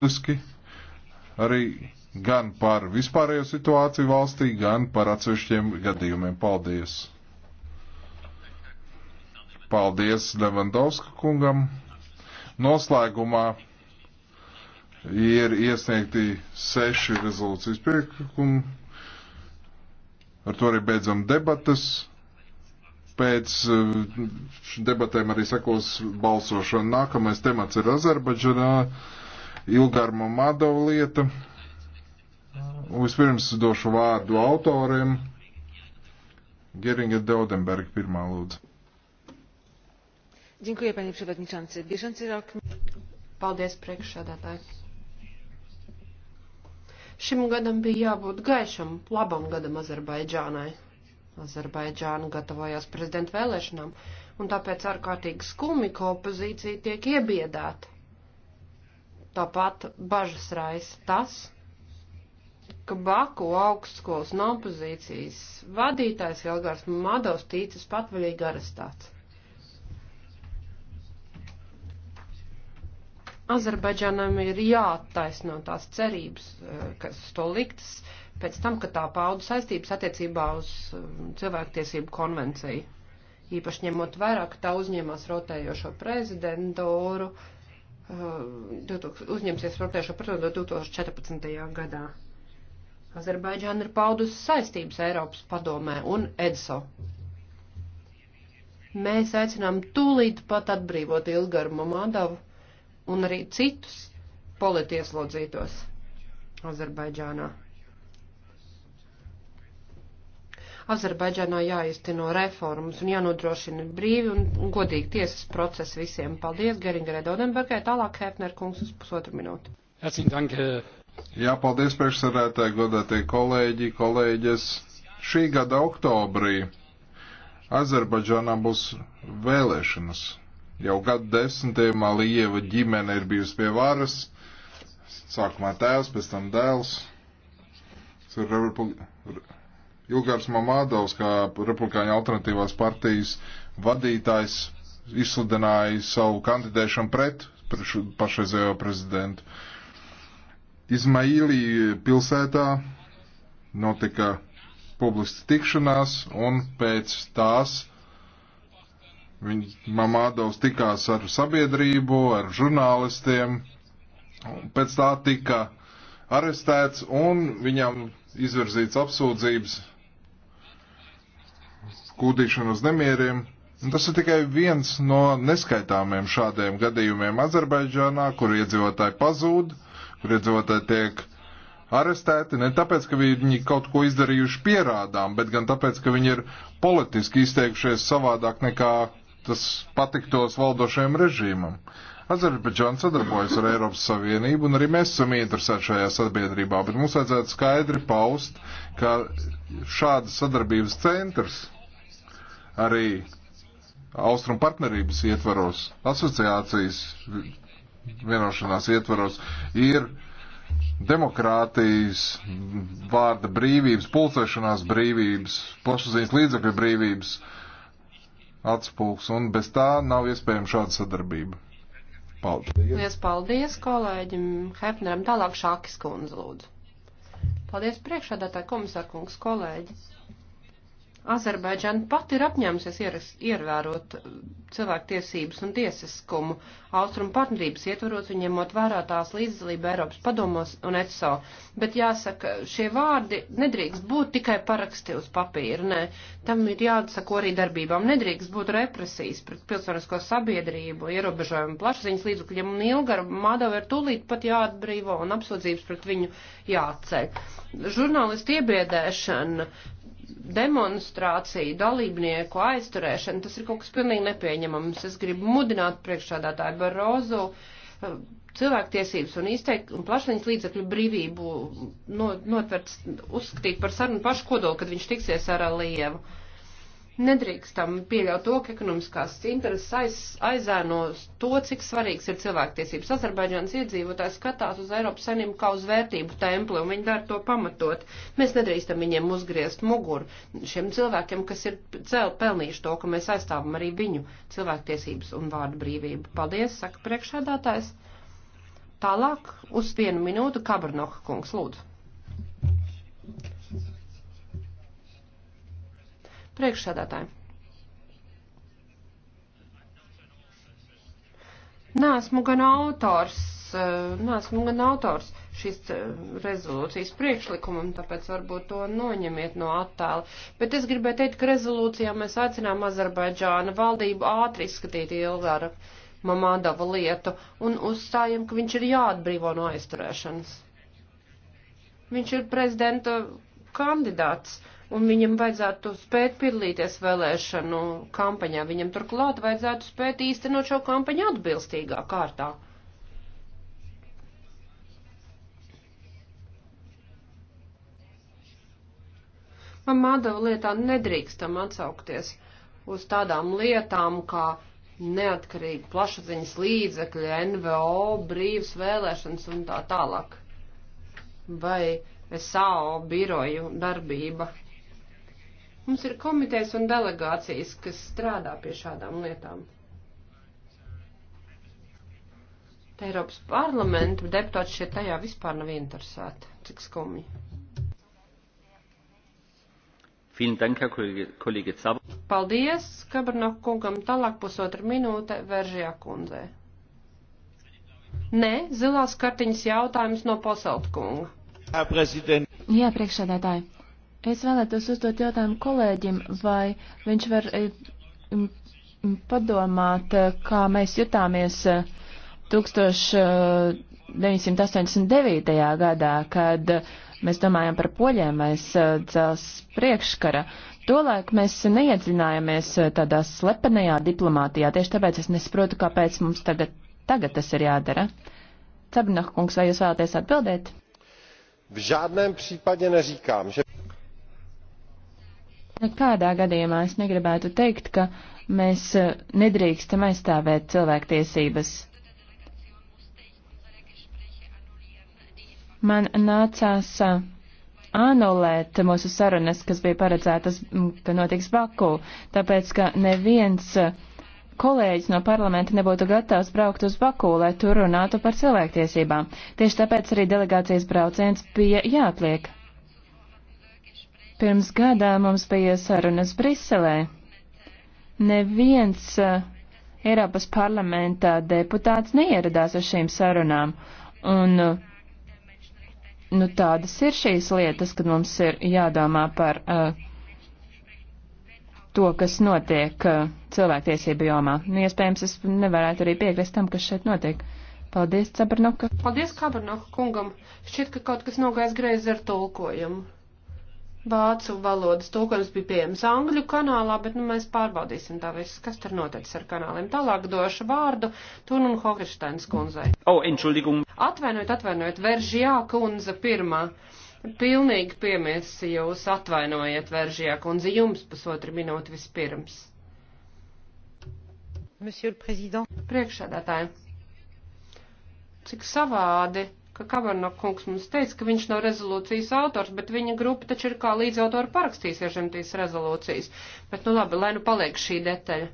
publiski arī gan par vispārējo situāciju valstī, gan par atsevišķiem gadījumiem. Paldies! Paldies Levandovska kungam! Noslēgumā ir iesniegti seši rezolūcijas priekšlikumi. Ar to arī beidzam debatas. Pēc eh, debatēm arī sekos balsošana. Nākamais temats ir Azerbaidžanā. Ilgarma Madova lieta. Vispirms došu vārdu autoriem. Geringa Daudenberga pirmā lūdzu. Dziękuję, panie przewodniczący. Bieżący rok. Paldies, priekšsēdētāji. Šim gadam bija jābūt gaišam, labam gadam Azerbaidžānai. Azerbaidžāna gatavojās prezidenta vēlēšanām, un tāpēc ārkārtīgi skumi, ka opozīcija tiek iebiedēta Tāpat bažas raisa tas, ka Baku augstskolas un opozīcijas vadītājs Helgārs Madovs tīcis patvaļīgi arestēts. Azerbaidžanam ir jāattaisno tās cerības, eh, kas to liktas, pēc tam, ka tā pauda saistības attiecībā uz eh, cilvēktiesību konvenciju. Īpaši ņemot vērā, ka tā uzņēmās rotējošo prezidentūru. Uh, Uh, uzņemsies robežu protokolu 2014. gadā. Azerbaidžāna ir paudusi saistības Eiropas padomē un EDSO. Mēs aicinām tūlīt pat atbrīvot Ilgaru Mamādavu un arī citus politieslodzītos Azerbaidžānā. Azerbaidžānā jāizteno reformas un jānodrošina brīvi un godīgi tiesas procesi visiem. Paldies Geringerai Dodenbergai, tālāk Hēpner kungs uz pusotru minūti. Jā, paldies priekšsarētāji, godātie kolēģi, kolēģis. Šī gada oktobrī Azerbaidžānā būs vēlēšanas. Jau gadu desmitiem Alieva ģimene ir bijusi pie varas sākumā tēvs, pēc tam dēls. Tas ir republika. Ilgārs Mamādovs, kā Republikāņu alternatīvās partijas vadītājs, izsludināja savu kandidēšanu pret pašreizējo prezidentu. Izmaīlī pilsētā notika publiski tikšanās, un pēc tās viņa Mamādovs tikās ar sabiedrību, ar žurnālistiem, pēc tā tika arestēts, un viņam izvirzīts apsūdzības kūdīšanu uz nemieriem. Un tas ir tikai viens no neskaitāmiem šādiem gadījumiem Azerbaidžānā, kur iedzīvotāji pazūd, kur iedzīvotāji tiek arestēti ne tāpēc, ka viņi kaut ko izdarījuši pierādām, bet gan tāpēc, ka viņi ir politiski izteikušies savādāk nekā tas patiktos valdošajam režīmam. Azerbaidžāna sadarbojas ar Eiropas Savienību, un arī mēs esam interesēti šajā sabiedrībā, bet mums vajadzētu skaidri paust, ka šādas sadarbības centrs arī Austrum partnerības ietvaros, asociācijas vienošanās ietvaros, ir demokrātijas, vārda brīvības, pulcēšanās brīvības, plašsaziņas līdzekļu brīvības atspūgs, un bez tā nav iespējama šāda sadarbība. Paldies. Lies paldies kolēģim Hefneram. Tālāk Šākis kundze lūdzu. Paldies priekšādātāji komisārkungs kolēģi. Azerbaidžana pati ir apņēmusies ievērot uh, cilvēktiesības un tiesiskumu austrumu partnerības ietvaros un ņemot vērā tās līdzdalību Eiropas padomos un ECO. Bet jāsaka, šie vārdi nedrīkst būt tikai paraksti uz papīra, nē, tam ir jāatsako arī darbībām. Nedrīkst būt represijas pret pilsonisko sabiedrību, ierobežojumu plašsaziņas līdzekļiem un Ilgaru Madavu ir tūlīt pat jāatbrīvo un apsūdzības pret viņu jāatceļ. Žurnālisti iebiedēšana, demonstrācija, dalībnieku aizturēšana, tas ir kaut kas pilnīgi nepieņemams. Es gribu mudināt priekšādātāju Barozu eh, cilvēktiesības un izteikt un plašsaņas līdzekļu brīvību notvert, uzskatīt par sarunu pašu kodolu, kad viņš tiksies ar Alievu. Uh, Nedrīkstam pieļaut to, ka ekonomiskās intereses aiz, aizēnos to, cik svarīgs ir cilvēktiesības. Azerbaidžāns iedzīvotājs skatās uz Eiropas saimnību kā uz vērtību templi, un viņi dara to pamatot. Mēs nedrīkstam viņiem uzgriezt muguru šiem cilvēkiem, kas ir cel pelnījuši to, ka mēs aizstāvam arī viņu cilvēktiesības un vārdu brīvību. Paldies, saka priekšādātājs. Tālāk uz vienu minūtu Kabrnoka kungs lūdzu. priekšsēdētāji. Nē, esmu gan autors, eh, nē, esmu gan autors šīs eh, rezolūcijas priekšlikumam, tāpēc varbūt to noņemiet no attēla. Bet es gribēju teikt, ka rezolūcijā mēs aicinām Azerbaidžāna valdību ātri izskatīt Ilgāra Mamādava lietu un uzstājam, ka viņš ir jāatbrīvo no aizturēšanas. Viņš ir prezidenta kandidāts un viņam vajadzētu spēt piedalīties vēlēšanu kampaņā. Viņam turklāt vajadzētu spēt īstenot šo kampaņu atbilstīgā kārtā. Mamadava lietā nedrīkstam atsaukties uz tādām lietām, kā neatkarīgi plašsaziņas līdzekļi, NVO, brīvas vēlēšanas un tā tālāk. Vai SAO biroju darbība. Mums ir komitejas un delegācijas, kas strādā pie šādām lietām. Te Eiropas parlamentu deputāti šeit tajā vispār nav interesēti. Cik skumji. Paldies, Kabrnok kungam. Tālāk pusotra minūte Veržijā kundzē. Nē, zilās kartiņas jautājums no Poselt kunga. Jā, priekšsēdētāji. Es vēlētos uzdot jautājumu kolēģim, vai viņš var eh, padomāt, eh, kā mēs jutāmies 1989. Eh, gadā, kad mēs domājam par poļiem aiz dzels priekškara. Tolaik mēs neiedziļinājāmies tādā slepenajā diplomātijā, tieši tāpēc es nesaprotu, kāpēc mums tagad, tagad tas ir jādara. Cabinah kungs, vai jūs vēlaties atbildēt? V žádném případě neříkám, že... Nekādā gadījumā es negribētu teikt, ka mēs eh, nedrīkstam aizstāvēt cilvēktiesības. Man nācās eh, anulēt mūsu sarunas, kas bija paredzētas, ka notiks Baku, tāpēc, ka neviens eh, kolēģis no parlamenta nebūtu gatavs braukt uz Baku, lai tur runātu par cilvēktiesībām. Tieši tāpēc arī delegācijas brauciens bija jāatliek. Pirms gadā mums bija sarunas Briselē. Neviens eh, Eiropas parlamentā deputāts neieradās uz šīm sarunām. Un, eh, nu, tādas ir šīs lietas, kad mums ir jādomā par uh, to, kas notiek uh, cilvēktiesību jomā. Nu, iespējams, es nevarētu arī piekrist tam, kas šeit notiek. Paldies, Cabernoka. Paldies, Cabernoka kungam. Šķiet, ka kaut kas nogais greizi ar tulkojumu. Vācu valodas tulkojums bija pieejams Angļu kanālā, bet nu, mēs pārbaudīsim tā viss, kas tur noticis ar kanāliem. Tālāk došu vārdu Tunun Hogersteins kundzei. Oh, entschuldigung. Atvainojiet, atvainojiet, Veržjā kundze pirmā. Pilnīgi piemiesi jūs atvainojiet, Veržjā kundze, jums pusotru minūti vispirms. Priekšsēdētāji, cik savādi ka Kavarno kungs mums teica, ka viņš nav rezolūcijas autors, bet viņa grupa taču ir kā līdzautori parakstījusies zem tīs rezolūcijas. Bet nu labi, lai nu paliek šī detaļa.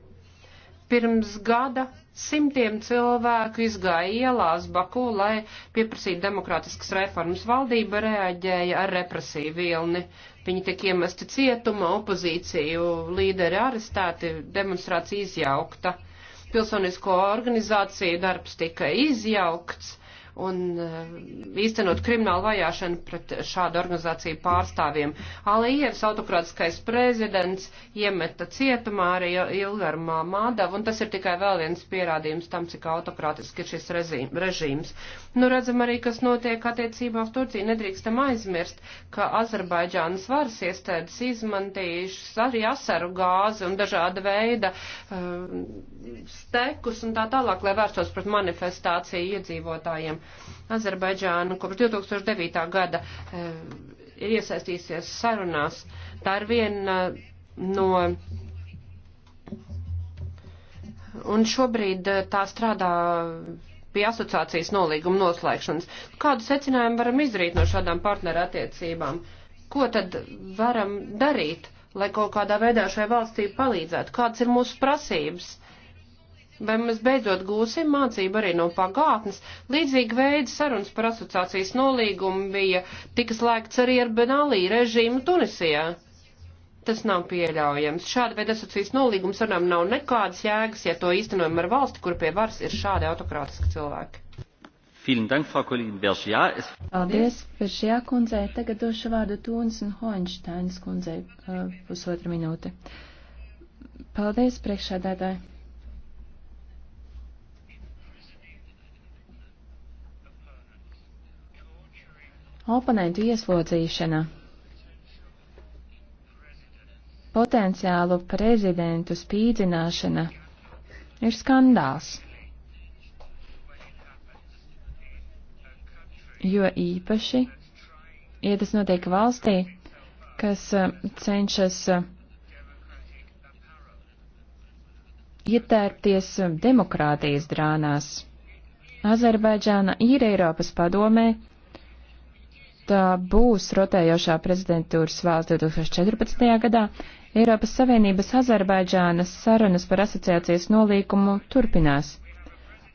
Pirms gada simtiem cilvēku izgāja ielās Baku, lai pieprasītu demokrātiskas reformas. Valdība reaģēja ar represīvu vilni. Viņi tiek iemesti cietumā, opozīciju līderi arestēti, demonstrācija izjaukta. Pilsonisko organizāciju darbs tika izjaukts un eh, īstenot kriminālu vajāšanu pret šādu organizāciju pārstāvjiem. Alijevs, autokrātiskais prezidents, iemeta cietumā arī Ilgarmā Mādavu, un tas ir tikai vēl viens pierādījums tam, cik autokrātiski ir šis režīms. Nu, redzam arī, kas notiek attiecībā uz Turciju. Nedrīkstam aizmirst, ka Azerbaidžānas varas iestādes izmantījušas arī asaru gāzi un dažāda veida uh, stekus un tā tālāk, lai vērstos pret manifestāciju iedzīvotājiem. Azerbaidžāna kopš 2009. gada eh, ir iesaistīsies sarunās. Tā ir viena eh, no. Un šobrīd eh, tā strādā pie asociācijas nolīguma noslēgšanas. Kādu secinājumu varam izdarīt no šādām partnerattiecībām? Ko tad varam darīt, lai kaut kādā veidā šai valstī palīdzētu? Kādas ir mūsu prasības? Vai mēs beidzot gūsim mācību arī no pagātnes? Līdzīgi veidi sarunas par asociācijas nolīgumu bija tika slēgts arī ar Benālī režīmu Tunisijā. Tas nav pieļaujams. Šāda veida asociācijas nolīgums sarunām nav nekādas jēgas, ja to īstenojam ar valsti, kur pie varas ir šādi autokrātiski cilvēki. Paldies, Peržijā kundzei. Tagad došu vārdu Tūnas un Hoņštainas kundzei uh, pusotru minūti. Paldies, priekšādētāji. Oponentu ieslodzīšana, potenciālu prezidentu spīdzināšana ir skandāls. Jo īpaši, ja tas notiek valstī, kas eh, cenšas eh, ietērpties eh, demokrātijas drānās. Azerbaidžāna ir Eiropas padomē, tā būs rotējošā prezidentūras valsts 2014. gadā, Eiropas Savienības Azerbaidžānas sarunas par asociācijas nolīkumu turpinās.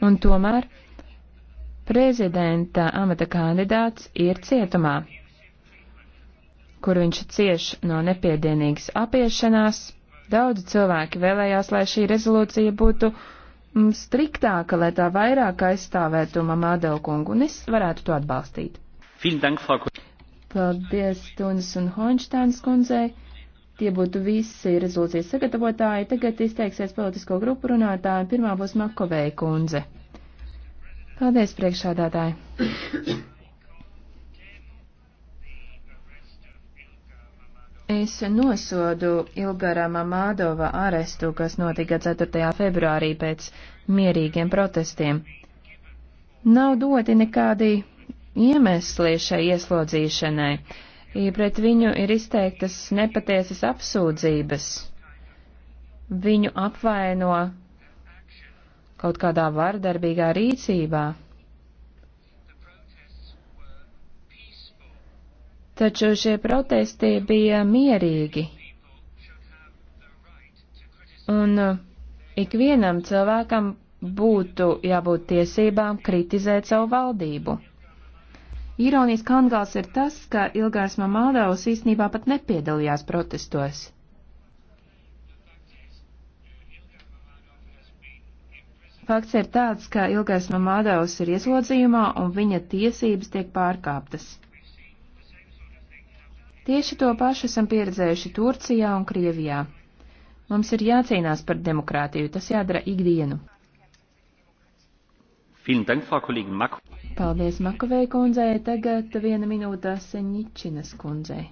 Un tomēr prezidenta amata kandidāts ir cietumā, kur viņš cieš no nepiedienīgas apiešanās. Daudzi cilvēki vēlējās, lai šī rezolūcija būtu mm, striktāka, lai tā vairāk aizstāvētu Mamadeu kungu, un es varētu to atbalstīt. Paldies, Tunis un Honštāns kundzei. Tie būtu visi rezolūcijas sagatavotāji. Tagad izteiksies politisko grupu runātāji. Pirmā būs Makovēja kundze. Paldies, priekšādātāji. Es nosodu Ilgarā Mamādova arestu, kas notika 4. februārī pēc mierīgiem protestiem. Nav doti nekādi iemesli šai ieslodzīšanai. Pret viņu ir izteiktas nepatiesas apsūdzības. Viņu apvaino kaut kādā vardarbīgā rīcībā. Taču šie protesti bija mierīgi. Un uh, ikvienam cilvēkam būtu jābūt tiesībām kritizēt savu valdību. Ironijas kangals ir tas, ka Ilgārs Mamādovs īstenībā pat nepiedalījās protestos. Fakts ir tāds, ka Ilgais Mamādovs ir ieslodzījumā un viņa tiesības tiek pārkāptas. Tieši to pašu esam pieredzējuši Turcijā un Krievijā. Mums ir jācīnās par demokrātiju, tas jādara ikdienu. Paldies Makovei kundzei. Tagad viena minūte Seņičinas kundzei.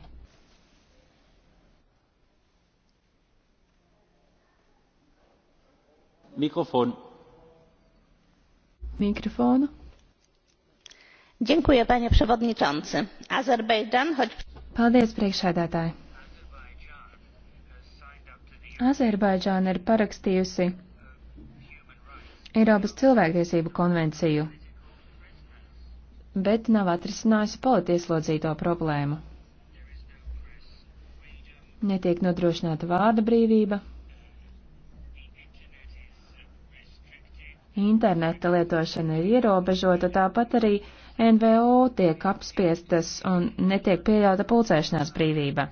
Mikrofon. Mikrofonu. Dziękuję, panie przewodniczący. Azerbejdżan, choć... Paldies, priekšsēdētāji. Azerbaidžāna ir parakstījusi Eiropas cilvēktiesību konvenciju bet nav atrisinājusi politieslodzīto problēmu. Netiek nodrošināta vārda brīvība. Interneta lietošana ir ierobežota, tāpat arī NVO tiek apspiestas un netiek pieļauta pulcēšanās brīvība.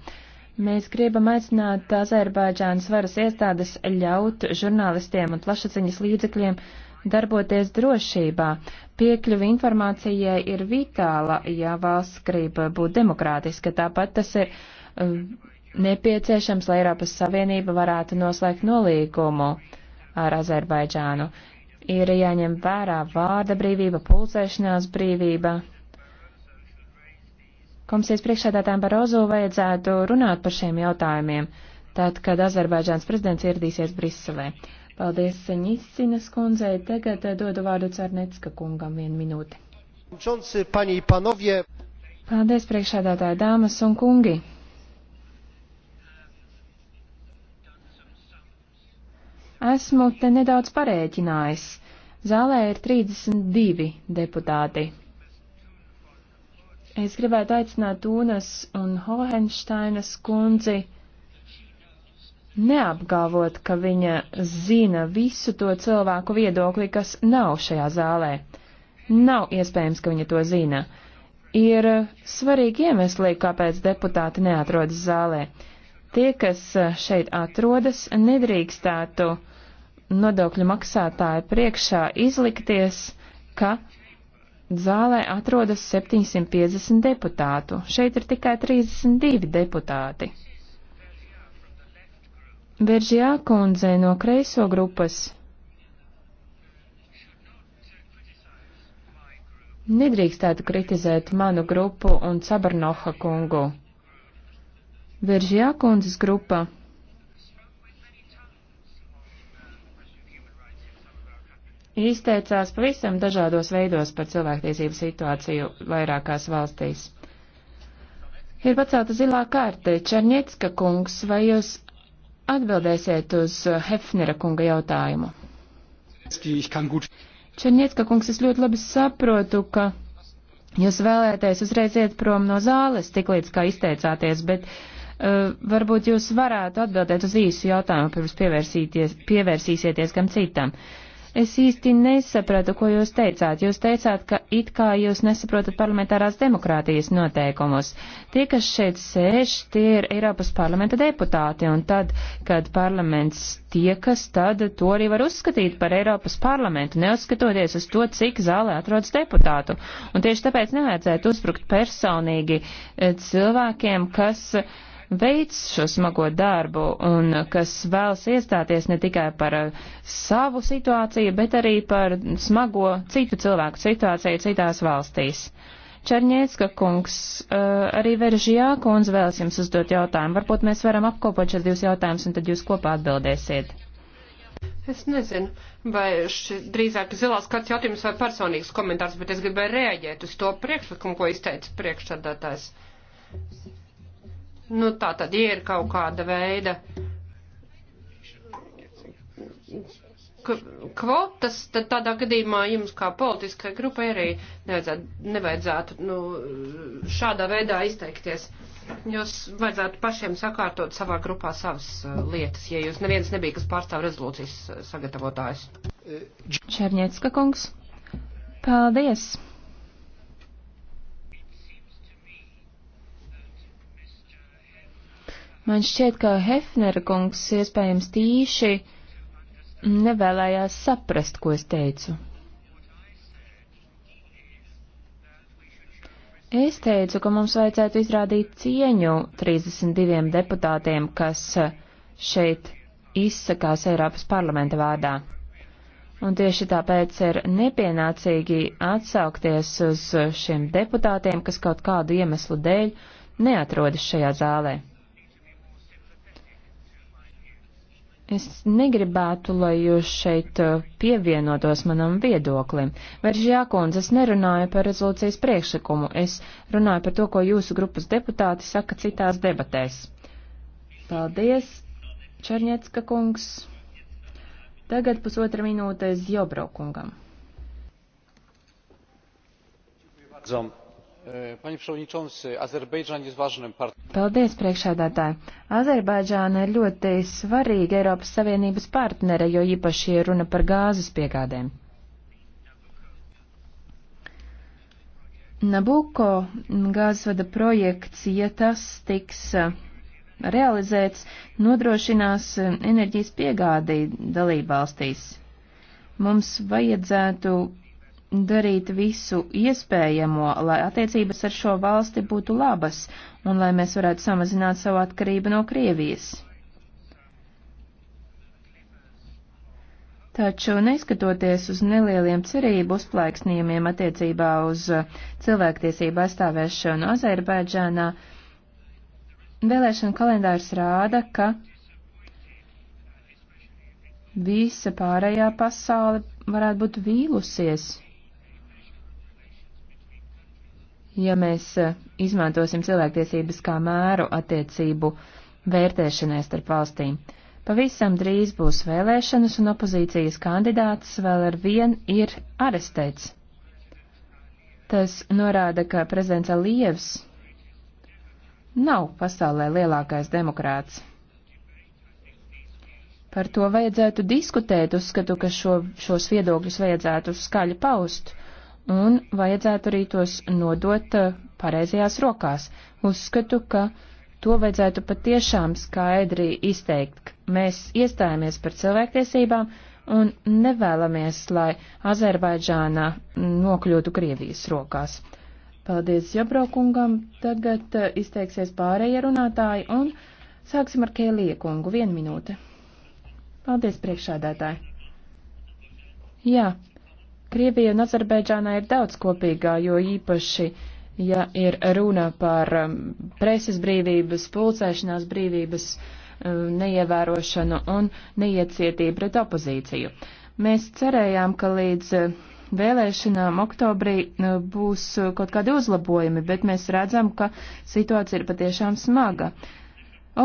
Mēs gribam aicināt Azerbaidžānas varas iestādes ļaut žurnālistiem un plašsaziņas līdzekļiem uh, darboties drošībā. Piekļuvi informācijai ir vitāla, ja valsts grib būt demokrātiska. Tāpat tas ir um, nepieciešams, lai Eiropas Savienība varētu noslēgt nolīgumu ar Azerbaidžānu. Ir jāņem vērā vārda brīvība, pulcēšanās brīvība. Komisijas priekšsēdētājiem Barozu vajadzētu runāt par šiem jautājumiem, tad, kad Azerbaidžāns prezidents ieradīsies Briselē. Paldies Seņisinas kundzei. Tagad eh, dodu vārdu Cernecka kungam vienu minūti. Paldies priekšādātāji dāmas un kungi. Esmu te nedaudz parēķinājis. Zālē ir 32 deputāti. Es gribētu aicināt Tūnas un Hohensteinas kundzi neapgalvot, ka viņa zina visu to cilvēku viedokli, kas nav šajā zālē. Nav iespējams, ka viņa to zina. Ir svarīgi iemesli, kāpēc deputāti neatrodas zālē. Tie, kas šeit atrodas, nedrīkstētu nodokļu maksātāju priekšā izlikties, ka zālē atrodas 750 deputātu. Šeit ir tikai 32 deputāti. Veržjā kundze no kreiso grupas. Nedrīkstētu kritizēt manu grupu un Cabarnoha kungu. Veržjā kundzes grupa. Izteicās pavisam dažādos veidos par cilvēktiesību situāciju vairākās valstīs. Ir pacelta zilā kārte. Černiecka kungs, vai jūs atbildēsiet uz Hefnera kunga jautājumu? Černiecka kungs, es ļoti labi saprotu, ka jūs vēlēties uzreiz iet prom no zāles, tiklīdz kā izteicāties, bet uh, varbūt jūs varētu atbildēt uz īsu jautājumu, pirms pievērsīsieties kam citam. Uh, Es īsti nesapratu, ko jūs teicāt. Jūs teicāt, ka it kā jūs nesaprotat parlamentārās demokrātijas noteikumus. Tie, kas šeit sēž, tie ir Eiropas parlamenta deputāti, un tad, kad parlaments tiekas, tad to arī var uzskatīt par Eiropas parlamentu, neuzskatoties uz to, cik zālē atrodas deputātu. Un tieši tāpēc nevajadzētu uzbrukt personīgi eh, cilvēkiem, kas veic šo smago darbu un kas vēlas iestāties ne tikai par uh, savu situāciju, bet arī par smago citu cilvēku situāciju citās valstīs. Černiecka kungs, uh, arī Veržijā kundze vēlas jums uzdot jautājumu. Varbūt mēs varam apkopot šos divus jautājumus un tad jūs kopā atbildēsiet. Es nezinu, vai šis drīzāk zilās kāds jautājums vai personīgs komentārs, bet es gribēju reaģēt uz to priekšlikumu, ko izteica priekšsādātājs. Nu, tā tad, ja ir kaut kāda veida kvotas, tad tādā gadījumā jums kā politiskai grupai arī nevajadzētu, nevajadzētu nu, šādā veidā izteikties. Jūs vajadzētu pašiem sakārtot savā grupā savas uh, lietas, ja jūs neviens nebija, kas pārstāv rezolūcijas uh, sagatavotājs. Černiecka kungs, paldies! Man šķiet, ka Hefnera kungs iespējams tīši nevēlējās saprast, ko es teicu. Es teicu, ka mums vajadzētu izrādīt cieņu 32 deputātiem, kas šeit izsakās Eiropas parlamenta vārdā. Un tieši tāpēc ir nepienācīgi atsaukties uz šiem deputātiem, kas kaut kādu iemeslu dēļ neatrodas šajā zālē. Es negribētu, lai jūs šeit uh, pievienotos manam viedoklim. Vairs jākundze, es nerunāju par rezolūcijas priekšlikumu, es runāju par to, ko jūsu grupas deputāti saka citās debatēs. Paldies, Černiecka kungs. Tagad pusotra minūte Zjobro kungam. Zom. E, Paldies, priekšādātāji! Azerbaidžāna ir ļoti svarīga Eiropas Savienības partnere, jo īpaši ir runa par gāzes piegādēm. Nabuko gāzvada projekts, ja tas tiks e, realizēts, nodrošinās e, enerģijas piegādi dalībvalstīs. Mums vajadzētu darīt visu iespējamo, lai attiecības ar šo valsti būtu labas un lai mēs varētu samazināt savu atkarību no Krievijas. Taču, neskatoties uz nelieliem cerību uzplaiksnījumiem attiecībā uz cilvēktiesību aizstāvēšanu Azerbaidžānā, vēlēšana kalendārs rāda, ka visa pārējā pasaule varētu būt vīlusies ja mēs eh, izmantosim cilvēktiesības kā mēru attiecību vērtēšanai starp valstīm. Pavisam drīz būs vēlēšanas, un opozīcijas kandidāts vēl ar vien ir arestēts. Tas norāda, ka prezidents Alievs nav pasaulē lielākais demokrāts. Par to vajadzētu diskutēt, uzskatu, ka šo, šos viedokļus vajadzētu skaļi paust un vajadzētu arī tos nodot eh, pareizajās rokās. Uzskatu, ka to vajadzētu patiešām skaidri izteikt. Mēs iestājāmies par cilvēktiesībām un nevēlamies, lai Azerbaidžāna nokļūtu Krievijas rokās. Paldies Jabraukungam, tagad eh, izteiksies pārējie runātāji un sāksim ar Kēlija kungu. Vienu minūte. Paldies priekšādātāji. Jā, Krievija un Azerbaidžānā ir daudz kopīgā, jo īpaši, ja ir runa par um, preses brīvības, pulcēšanās brīvības um, neievērošanu un neiecietību pret opozīciju. Mēs cerējām, ka līdz uh, vēlēšanām oktobrī uh, būs uh, kaut kādi uzlabojumi, bet mēs redzam, ka situācija ir patiešām smaga.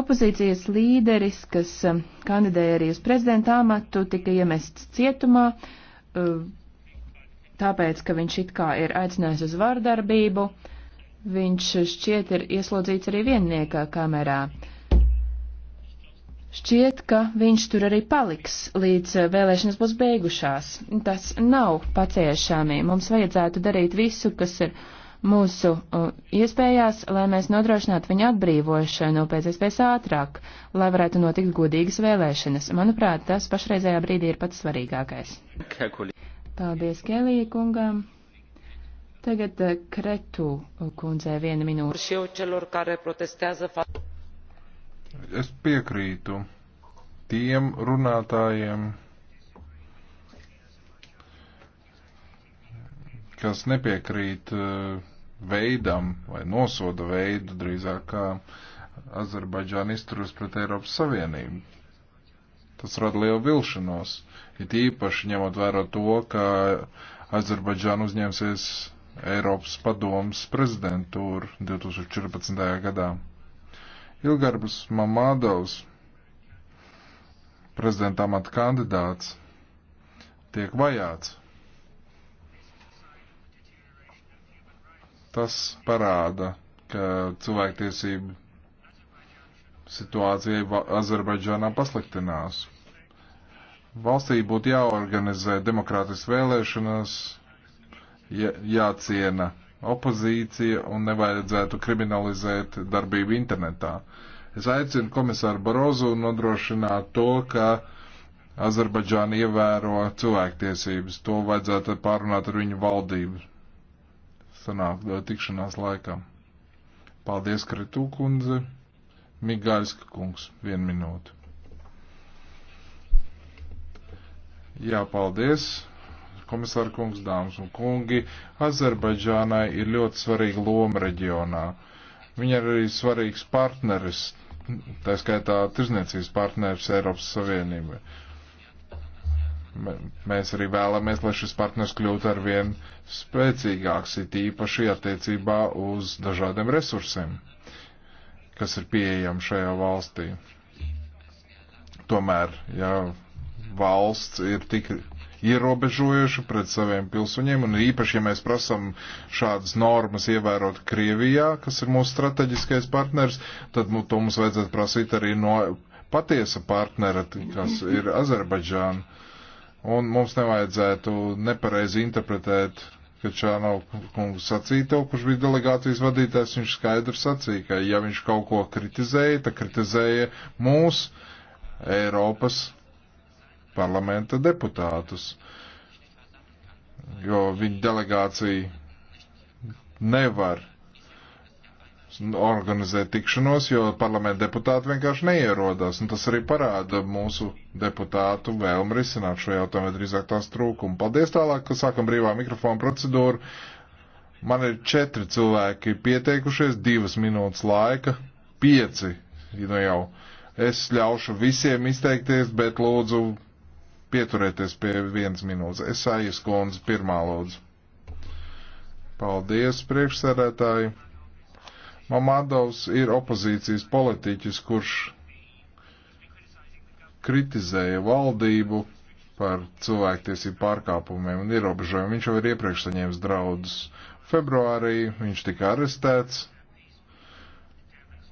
Opozīcijas līderis, kas um, kandidēja arī uz prezidenta amatu, tika iemests cietumā, tāpēc, ka viņš it kā ir aicinājis uz vardarbību, viņš šķiet ir ieslodzīts arī viennieka kamerā. Šķiet, ka viņš tur arī paliks, līdz vēlēšanas būs beigušās. Tas nav paciešami. Mums vajadzētu darīt visu, kas ir mūsu uh, iespējās, lai mēs nodrošinātu viņa atbrīvošanu pēc iespējas ātrāk, lai varētu notikt godīgas vēlēšanas. Manuprāt, tas pašreizējā brīdī ir pats svarīgākais. Paldies Kelija kungam. Tagad eh, Kretu eh, kundzei viena minūte. Es piekrītu tiem runātājiem, kas nepiekrīt eh, veidam vai nosoda veidu drīzāk kā Azerbaidžāna izturas pret Eiropas Savienību. Tas rada lielu vilšanos, it īpaši ņemot vērā to, ka Azerbaidžāna uzņemsies Eiropas padomas prezidentūru 2014. gadā. Ilgarbs Mamādovs, prezidenta amata kandidāts, tiek vajāts. Tas parāda, ka cilvēktiesību situācija Azerbaidžānā pasliktinās. Valstī būtu jāorganizē demokrātiskas vēlēšanas, jāciena opozīcija un nevajadzētu kriminalizēt darbību internetā. Es aicinu komisāru Barozu nodrošināt to, ka Azerbaidžāna ievēro cilvēktiesības. To vajadzētu pārunāt ar viņu valdību sanāk tikšanās laikā. Paldies, Kretū kundze! Migārska kungs, vienu minūtu. Jā, paldies. Komisāra kungs, dāmas un kungi, Azerbaidžānai ir ļoti svarīga loma reģionā. Viņa ir arī svarīgs partneris, tā skaitā tirzniecības partneris Eiropas Savienībai. Mēs arī vēlamies, lai šis partners kļūtu ar vien spēcīgāks, it īpaši attiecībā uz dažādiem resursiem kas ir pieejama šajā valstī. Tomēr, ja valsts ir tik ierobežojuši pret saviem pilsoņiem, un īpaši, ja mēs prasam šādas normas ievērot Krievijā, kas ir mūsu strateģiskais partners, tad to mums vajadzētu prasīt arī no patiesa partnera, kas ir Azerbaidžāna. Un mums nevajadzētu nepareizi interpretēt kad Čānau kungu sacīto, kurš bija delegācijas vadītājs, viņš skaidri sacīja, ka ja viņš kaut ko kritizēja, tad kritizēja mūs, Eiropas parlamenta deputātus, jo viņa delegācija nevar organizēt tikšanos, jo parlamenta deputāti vienkārši neierodās. Un tas arī parāda mūsu deputātu vēlmu risināt šo jautājumu, drīzāk tās trūkumu. Paldies tālāk, ka sākam brīvā mikrofona procedūru. Man ir četri cilvēki pieteikušies, divas minūtes laika, pieci nu jau. Es ļaušu visiem izteikties, bet lūdzu pieturēties pie vienas minūtes. Es aiz kundze pirmā lūdzu. Paldies, priekšsēdētāji! Mamadovs ir opozīcijas politiķis, kurš kritizēja valdību par cilvēktiesību pārkāpumiem un ierobežojumiem. Viņš jau ir iepriekš saņēmis draudus. Februārī viņš tika arestēts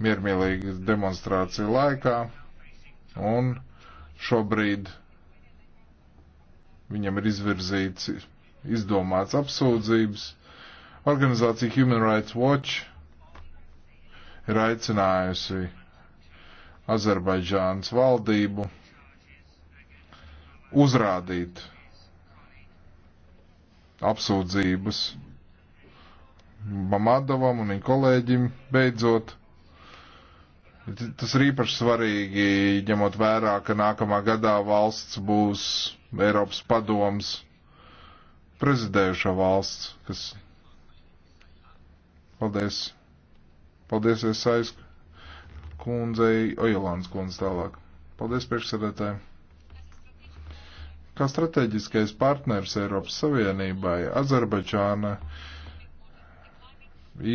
miermīlīgas demonstrāciju laikā un šobrīd viņam ir izvirzīts, izdomāts apsūdzības. Organizācija Human Rights Watch ir aicinājusi Azerbaidžānas valdību uzrādīt apsūdzības Mamadovam un viņa kolēģim beidzot. Tas ir īpaši svarīgi, ņemot vērā, ka nākamā gadā valsts būs Eiropas padoms prezidējušā valsts, kas. Paldies! Paldies, Esais kundzei, Ojolāns kundze tālāk. Paldies, priekšsēdētāji. Kā strateģiskais partners Eiropas Savienībai, Azerbaidžāna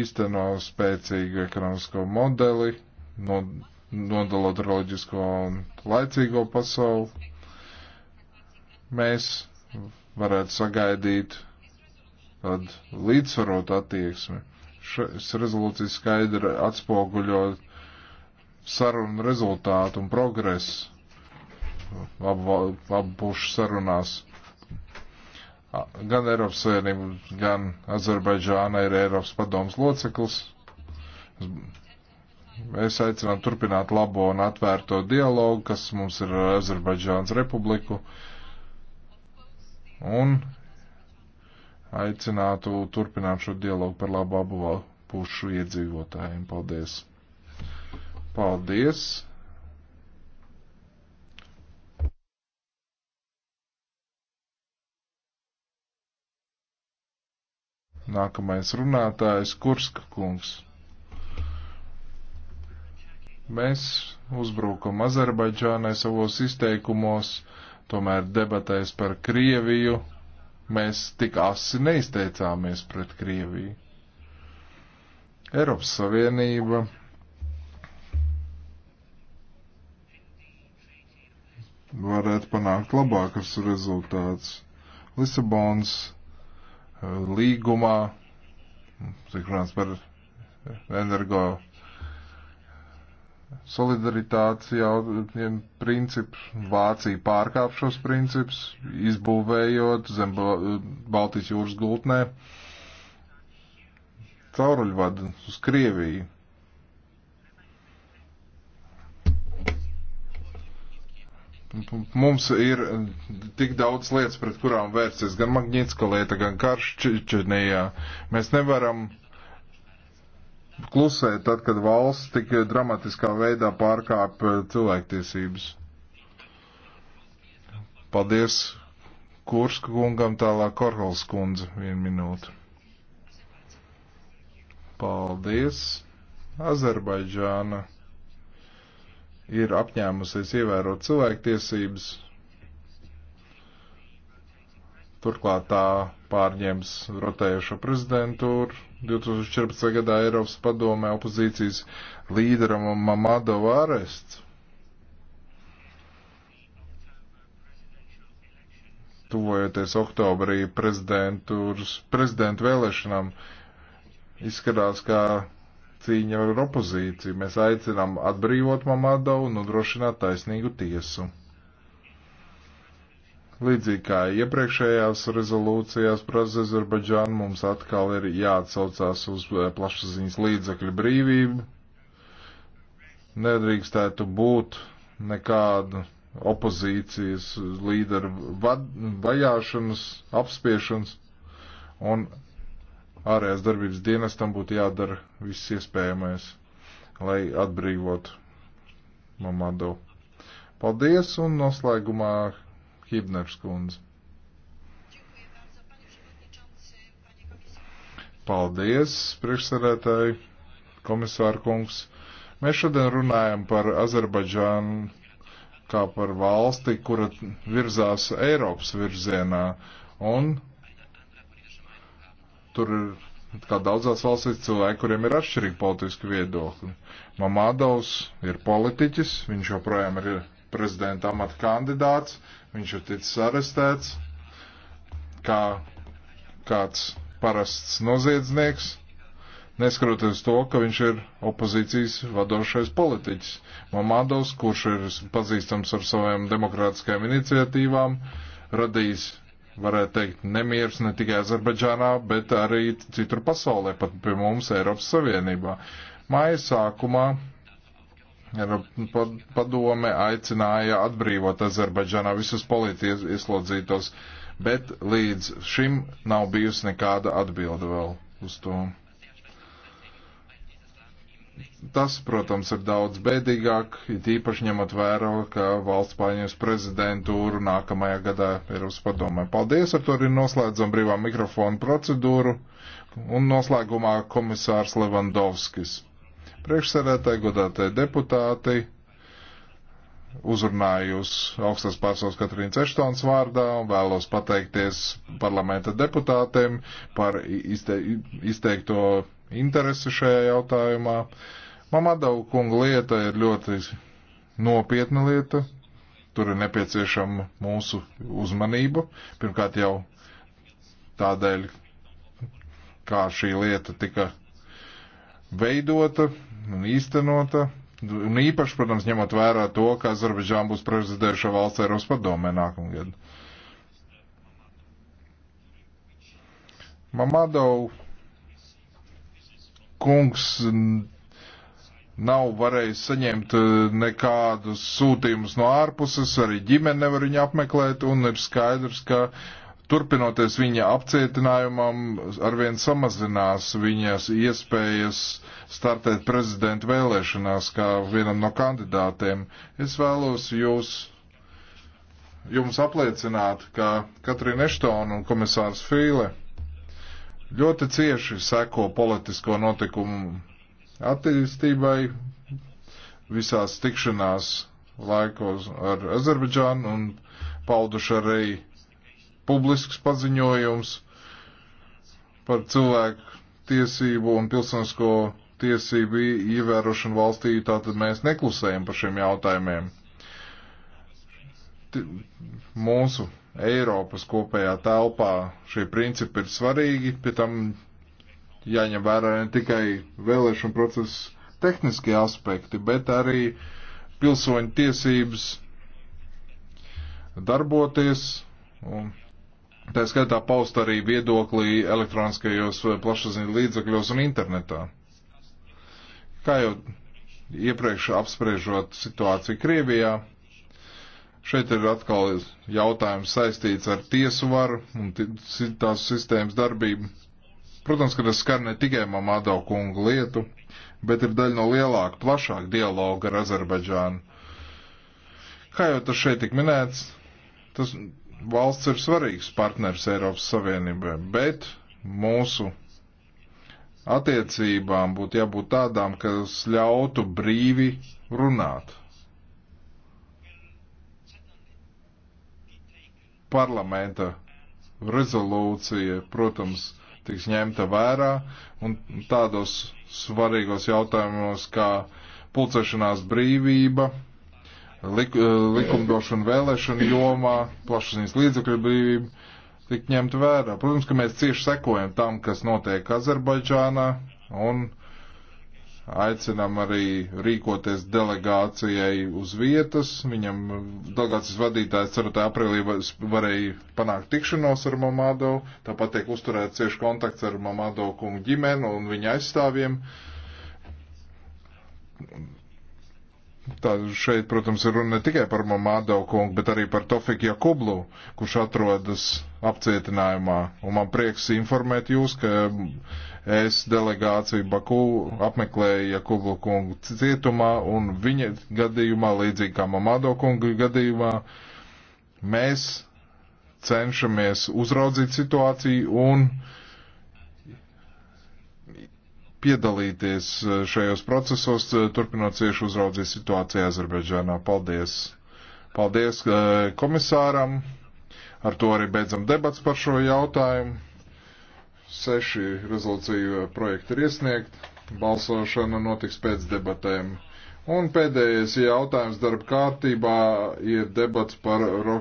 īsteno spēcīgu ekonomisko modeli, no, nodalot reliģisko un laicīgo pasauli. Mēs varētu sagaidīt tādu līdzsvarotu attieksmi šis rezolūcijas skaidri atspoguļo sarunu rezultātu un progresu abu, abu pušu sarunās. Gan Eiropas Savienība, gan Azerbaidžāna ir Eiropas padomas loceklis. Es aicinātu turpināt labo un atvērto dialogu, kas mums ir ar Azerbaidžānas republiku. Un aicinātu turpināt šo dialogu par labu abu pušu iedzīvotājiem. Paldies! Paldies! Nākamais runātājs Kurska kungs. Mēs uzbrukam Azerbaidžānai savos izteikumos, tomēr debatēs par Krieviju mēs tik asi neizteicāmies pret Krieviju. Eiropas Savienība varētu panākt labākus rezultātus. Lisabons eh, līgumā, cik runāts par energo solidaritātes jautājumiem princips, Vācija pārkāp šos principus, izbūvējot zem Baltijas jūras gultnē cauruļvadu uz Krieviju. Mums ir tik daudz lietas, pret kurām vērsties, gan Magnitska lieta, gan karš Čečenijā. Mēs nevaram klusēt tad, kad valsts tik dramatiskā veidā pārkāp eh, cilvēktiesības. Paldies Kurska kungam, tālāk Korhols kundze, vienu minūtu. Paldies. Azerbaidžāna ir apņēmusies ievērot cilvēktiesības Turklāt tā pārņems rotējušo prezidentūru. 2014. gadā Eiropas padomē opozīcijas līderam Mamadova arests. Tuvojoties oktobrī prezidentu vēlēšanām, izskatās, ka cīņa ar opozīciju. Mēs aicinām atbrīvot Mamadovu un nodrošināt taisnīgu tiesu. Līdzīgi kā iepriekšējās rezolūcijās par Azerbaidžānu, mums atkal ir jāatsaucās uz eh, plašsaziņas līdzekļu brīvību. Nedrīkstētu būt nekādu opozīcijas līderu vajāšanas, apspiešanas, un ārējās darbības dienestam būtu jādara viss iespējamais, lai atbrīvotu Mamadu. Paldies, un noslēgumā Hibners kundze. Paldies, priekšsarētāji, komisāra kungs. Mēs šodien runājam par Azerbaidžānu kā par valsti, kura virzās Eiropas virzienā. Un tur ir, kā daudzās valstīs, cilvēki, kuriem ir atšķirīgi politiski viedokļi. Mamādovs ir politiķis, viņš joprojām ir prezidenta amata kandidāts, viņš ir ticis arestēts kā kāds parasts noziedznieks, neskatoties to, ka viņš ir opozīcijas vadošais politiķis. Mamādos, kurš ir pazīstams ar savām demokrātiskajām iniciatīvām, radījis, varētu teikt, nemieris ne tikai Azerbaidžānā, bet arī citur pasaulē, pat pie mums Eiropas Savienībā. Māja sākumā Padome aicināja atbrīvot Azerbaidžanā visus politiķus ieslodzītos, bet līdz šim nav bijusi nekāda atbilde vēl uz to. Tas, protams, ir daudz bēdīgāk, it īpaši ņemot vērā, ka valsts pārņems prezidentūru nākamajā gadā Eiropas padomē. Paldies, ar to arī noslēdzam brīvā mikrofonu procedūru un noslēgumā komisārs Levandovskis. Priekšsēdētāji, godātie deputāti, uzrunājus augstās pārsaules Katrīnas Eštons vārdā un vēlos pateikties parlamenta deputātiem par izte, izteikto interesi šajā jautājumā. Mamadau kunga lieta ir ļoti nopietna lieta. Tur ir nepieciešama mūsu uzmanība. Pirmkārt jau tādēļ, kā šī lieta tika veidota, un īstenota. Un īpaši, protams, ņemot vērā to, ka Azerbaidžāna būs prezidējuša valsts Eiropas padomē nākamgad. Mamadov kungs nav varējis saņemt eh, nekādus sūtījumus no ārpuses, arī ģimene nevar viņu apmeklēt, un ir skaidrs, ka uh, Turpinoties viņa apcietinājumam, arvien samazinās viņas iespējas startēt prezidenta vēlēšanās kā vienam no kandidātiem. Es vēlos jūs, jums apliecināt, ka Katrīna Eštona un komisārs Fīle ļoti cieši seko politisko notikumu attīstībai visās tikšanās laikos ar Azerbaidžānu un pauduši arī publisks paziņojums par cilvēku tiesību un pilsonisko tiesību ievērošanu valstī, tātad mēs neklusējam par šiem jautājumiem. T mūsu Eiropas kopējā telpā šie principi ir svarīgi, pie tam jāņem vērā ne tikai vēlēšana procesa tehniskie aspekti, bet arī pilsoņu tiesības darboties un Tā skaitā paust arī viedoklī elektroniskajos eh, plašsaziņas līdzakļos un internetā. Kā jau iepriekš apspriežot situāciju Krievijā, šeit ir atkal jautājums saistīts ar tiesu varu un tās sistēmas darbību. Protams, ka tas skar ne tikai Mamado kungu lietu, bet ir daļa no lielāka, plašāka dialoga ar Azerbaidžānu. Kā jau tas šeit tik minēts, tas valsts ir svarīgs partners Eiropas Savienībai, bet mūsu attiecībām būtu jābūt tādām, kas ļautu brīvi runāt. Parlamenta rezolūcija, protams, tiks ņemta vērā un tādos svarīgos jautājumos kā pulcēšanās brīvība, lik, eh, likumdošanu vēlēšanu jomā, plašsaziņas līdzekļu brīvību tik ņemt vērā. Protams, ka mēs cieši sekojam tam, kas notiek Azerbaidžānā un aicinam arī rīkoties delegācijai uz vietas. Viņam delegācijas vadītājs 4. aprīlī varēja panākt tikšanos ar Mamado, tāpat tiek uzturēt cieši kontakts ar Mamado kungu ģimeni un viņa aizstāvjiem Tā šeit, protams, ir runa ne tikai par Mamādo kungu, bet arī par Tofiku Jakublu, kurš atrodas apcietinājumā. Un man prieks informēt jūs, ka es delegāciju Baku apmeklēju Jakublu kungu cietumā un viņa gadījumā, līdzīgi kā Mamādo kungu gadījumā, mēs cenšamies uzraudzīt situāciju un uh, piedalīties eh, šajos procesos, eh, turpinot cieši uzraudzīt situāciju Azerbaidžānā. Paldies! Paldies eh, komisāram! Ar to arī beidzam debats par šo jautājumu. Seši rezolūciju projekti ir iesniegt. Balsošana notiks pēc debatēm. Un pēdējais jautājums darba kārtībā ir debats par Rohi.